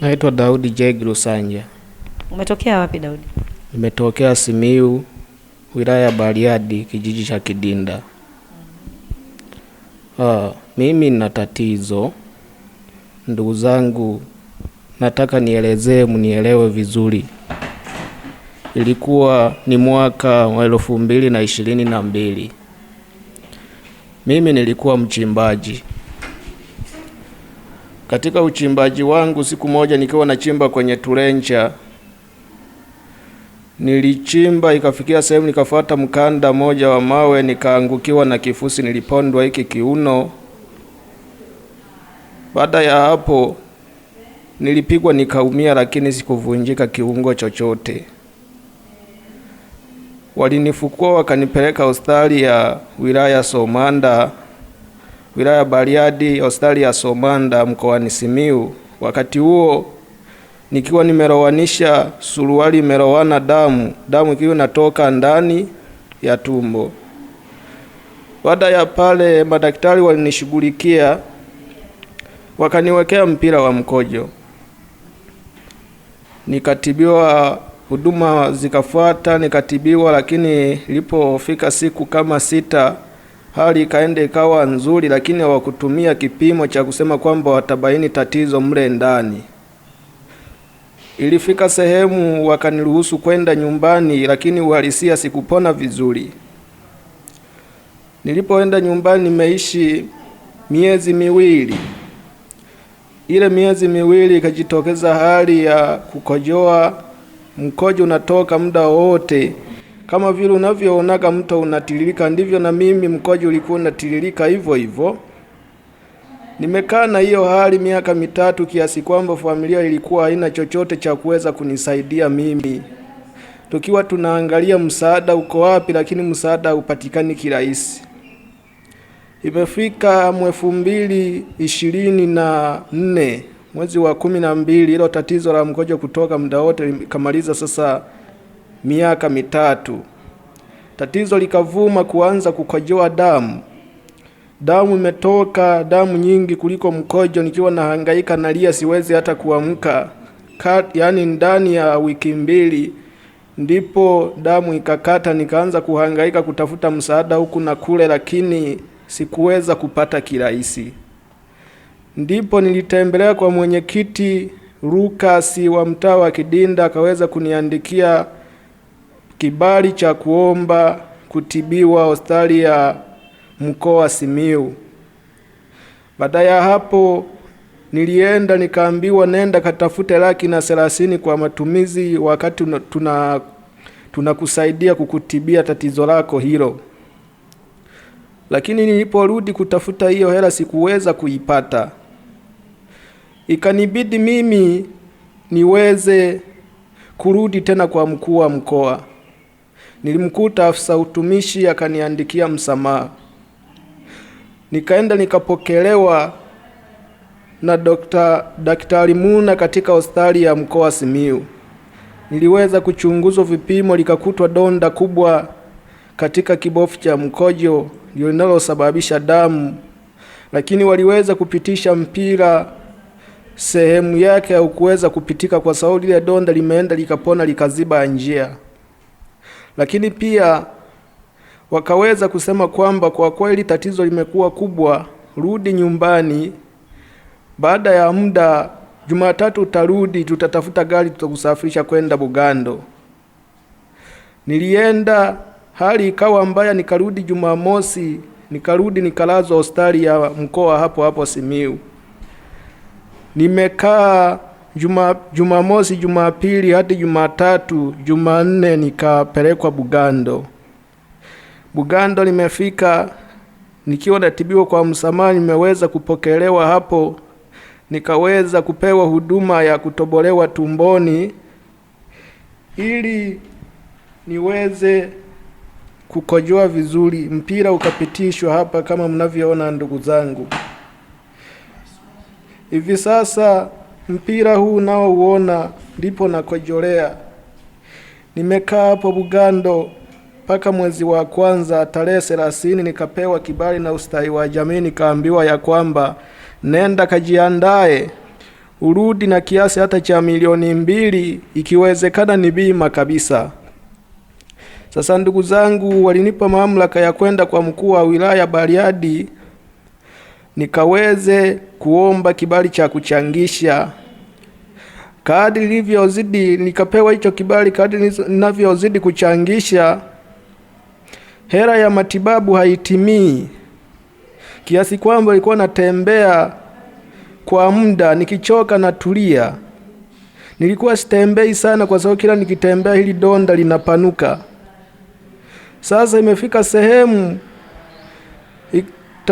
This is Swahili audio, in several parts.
Naitwa Daudi J. Rusanja. Umetokea wapi Daudi? Nimetokea Simiu, wilaya ya Bariadi, kijiji cha Kidinda. Ah, mimi nina tatizo, ndugu zangu, nataka nielezee mnielewe vizuri. Ilikuwa ni mwaka wa elfu mbili na ishirini na mbili. Mimi nilikuwa mchimbaji katika uchimbaji wangu, siku moja nikiwa nachimba kwenye turencha, nilichimba ikafikia sehemu nikafuata mkanda moja wa mawe, nikaangukiwa na kifusi, nilipondwa hiki kiuno. Baada ya hapo nilipigwa nikaumia, lakini sikuvunjika kiungo chochote. Walinifukua wakanipeleka hospitali ya wilaya Somanda wilaya ya Bariadi, hospitali ya Somanda mkoani Simiu. Wakati huo nikiwa nimerowanisha suruali, imerowana damu, damu ikiwa inatoka ndani ya tumbo. Baada ya pale, madaktari walinishughulikia, wakaniwekea mpira wa mkojo, nikatibiwa huduma zikafuata, nikatibiwa. Lakini ilipofika siku kama sita Hali ikaenda ikawa nzuri, lakini hawakutumia kipimo cha kusema kwamba watabaini tatizo mle ndani. Ilifika sehemu wakaniruhusu kwenda nyumbani, lakini uhalisia sikupona vizuri. Nilipoenda nyumbani, nimeishi miezi miwili. Ile miezi miwili ikajitokeza hali ya kukojoa, mkojo unatoka muda wote. Kama vile unavyoonaga mto unatiririka, ndivyo na mimi mkojo ulikuwa unatiririka hivyo hivyo. Nimekaa na hiyo hali miaka mitatu, kiasi kwamba familia ilikuwa haina chochote cha kuweza kunisaidia mimi, tukiwa tunaangalia msaada uko wapi, lakini msaada haupatikani kirahisi. Imefika elfu mbili ishirini na nne mwezi wa kumi na mbili, hilo tatizo la mkojo kutoka muda wote likamaliza sasa miaka mitatu. Tatizo likavuma kuanza kukojoa damu. Damu imetoka, damu nyingi kuliko mkojo, nikiwa nahangaika nalia, siwezi hata kuamka. Yaani ndani ya wiki mbili ndipo damu ikakata, nikaanza kuhangaika kutafuta msaada huku na kule, lakini sikuweza kupata kirahisi. Ndipo nilitembelea kwa mwenyekiti Lucas wa mtaa wa Kidinda, akaweza kuniandikia kibali cha kuomba kutibiwa hospitali ya mkoa Simiyu. Baada ya hapo nilienda nikaambiwa, nenda katafute laki na thelathini kwa matumizi wakati tuna tunakusaidia kukutibia tatizo lako hilo. Lakini niliporudi kutafuta hiyo hela sikuweza kuipata, ikanibidi mimi niweze kurudi tena kwa mkuu wa mkoa. Nilimkuta afisa utumishi akaniandikia msamaha. Nikaenda nikapokelewa na Dr. Daktari Muna katika hospitali ya mkoa Simiyu. Niliweza kuchunguzwa vipimo, likakutwa donda kubwa katika kibofu cha mkojo ndio linalosababisha damu, lakini waliweza kupitisha mpira sehemu yake haukuweza kupitika kwa sababu lile donda limeenda likapona likaziba njia. Lakini pia wakaweza kusema kwamba kwa kweli tatizo limekuwa kubwa, rudi nyumbani, baada ya muda Jumatatu utarudi, tutatafuta gari, tutakusafirisha kwenda Bugando. Nilienda, hali ikawa mbaya, nikarudi Jumamosi, nikarudi nikalazwa hospitali ya mkoa hapo hapo Simiu, nimekaa Juma, Jumamosi, Jumapili hadi Jumatatu, Jumanne nikapelekwa Bugando. Bugando nimefika nikiwa natibiwa kwa msamaha, nimeweza kupokelewa hapo, nikaweza kupewa huduma ya kutobolewa tumboni ili niweze kukojoa vizuri. Mpira ukapitishwa hapa kama mnavyoona, ndugu zangu, hivi sasa mpira huu unaouona ndipo nakojolea. Nimekaa hapo Bugando mpaka mwezi wa kwanza tarehe thelathini nikapewa kibali na ustawi wa jamii, nikaambiwa ya kwamba nenda kajiandae urudi na kiasi hata cha milioni mbili, ikiwezekana ni bima kabisa. Sasa ndugu zangu, walinipa mamlaka ya kwenda kwa mkuu wa wilaya Bariadi nikaweze kuomba kibali cha kuchangisha. kadi nilivyozidi nikapewa hicho kibali, kadi ninavyozidi kuchangisha, hera ya matibabu haitimii, kiasi kwamba ilikuwa natembea kwa muda, nikichoka natulia. Nilikuwa sitembei sana, kwa sababu kila nikitembea hili donda linapanuka. Sasa imefika sehemu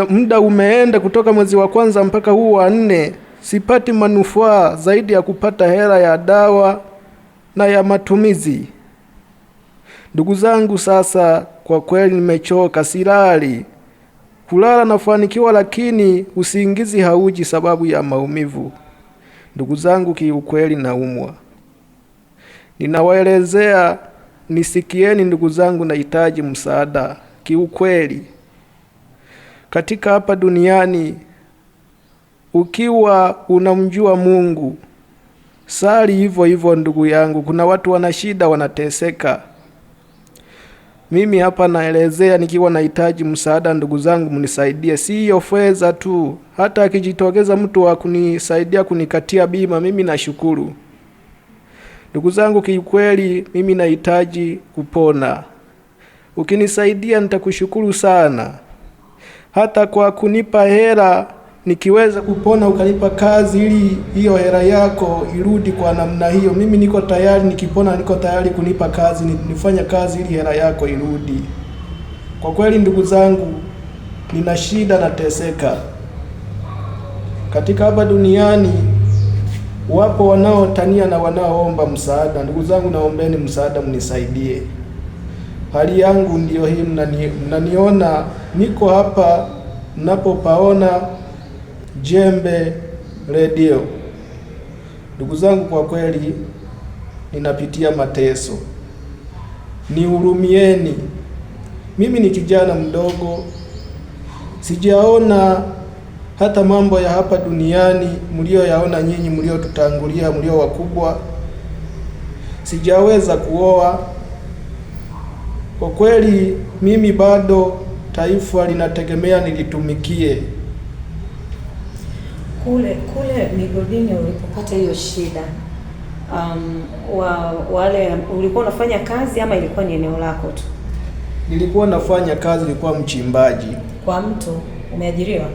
muda umeenda kutoka mwezi wa kwanza mpaka huu wa nne, sipati manufaa zaidi ya kupata hela ya dawa na ya matumizi. Ndugu zangu, sasa kwa kweli nimechoka, silali. Kulala nafanikiwa, lakini usingizi hauji sababu ya maumivu. Ndugu zangu, kiukweli naumwa. Ninawaelezea, nisikieni ndugu zangu, nahitaji msaada kiukweli katika hapa duniani ukiwa unamjua Mungu, sali hivyo hivyo, ndugu yangu. Kuna watu wana shida, wanateseka. Mimi hapa naelezea nikiwa nahitaji msaada, ndugu zangu, mnisaidie. Si hiyo fedha tu, hata akijitokeza mtu wa kunisaidia kunikatia bima, mimi nashukuru. Ndugu zangu, kiukweli mimi nahitaji kupona, ukinisaidia nitakushukuru sana hata kwa kunipa hela nikiweza kupona ukanipa kazi, ili hiyo hela yako irudi kwa namna hiyo, mimi niko tayari. Nikipona niko tayari kunipa kazi, nifanya kazi ili hela yako irudi. Kwa kweli, ndugu zangu, nina shida, nateseka katika hapa duniani. Wapo wanaotania na wanaoomba msaada. Ndugu zangu, naombeni msaada, mnisaidie hali yangu ndiyo hii mnaniona, niko hapa napopaona Jembe Redio. Ndugu zangu, kwa kweli ninapitia mateso, nihurumieni. Mimi ni kijana mdogo, sijaona hata mambo ya hapa duniani mlioyaona nyinyi, mliotutangulia, mlio wakubwa. Sijaweza kuoa kwa kweli mimi bado taifa linategemea nilitumikie. Kule kule migodini ulipopata hiyo shida, um, wa, wale ulikuwa unafanya kazi ama ilikuwa ni eneo lako tu? Nilikuwa nafanya kazi, nilikuwa mchimbaji kwa mtu. Umeajiriwa?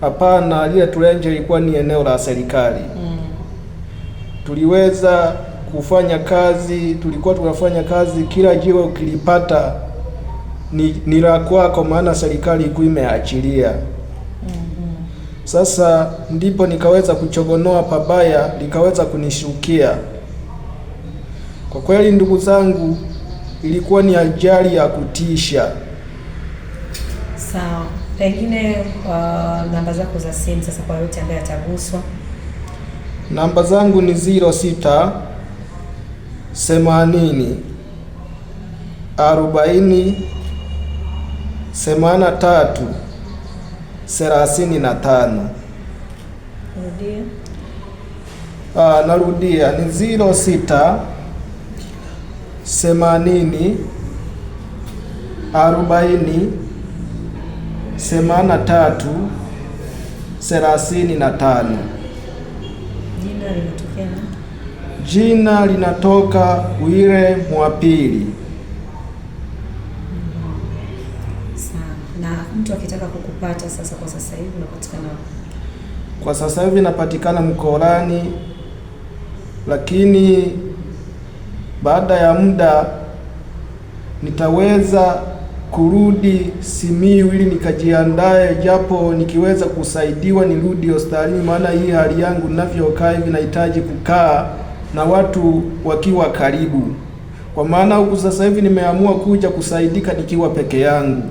Hapana, ile tulenje ilikuwa ni eneo la serikali. Mm. Tuliweza kufanya kazi, tulikuwa tunafanya kazi, kila jiwe ukilipata ni, ni la kwako, maana serikali ilikuwa imeachilia. Mm-hmm. Sasa ndipo nikaweza kuchogonoa pabaya, likaweza kunishukia kwa kweli, ndugu zangu, ilikuwa ni ajali ya kutisha. Sawa, pengine uh, namba zako za simu sasa, kwa yote ambaye ataguswa, namba zangu ni 06 themanini, arobaini, themanini na tatu, thelathini na tano. Ah, narudia ni ziro sita, themanini, arobaini, themanini na tatu, thelathini na tano. Jina limetokea Jina linatoka Bwire Mwapili. Na mtu akitaka kukupata sasa, kwa sasa hivi unapatikana? Kwa sasa hivi napatikana Mkolani, lakini baada ya muda nitaweza kurudi Simiyu ili nikajiandae, japo nikiweza kusaidiwa nirudi hospitalini, maana hii hali yangu ninavyokaa hivi nahitaji kukaa na watu wakiwa karibu, kwa maana huku sasa hivi nimeamua kuja kusaidika nikiwa peke yangu.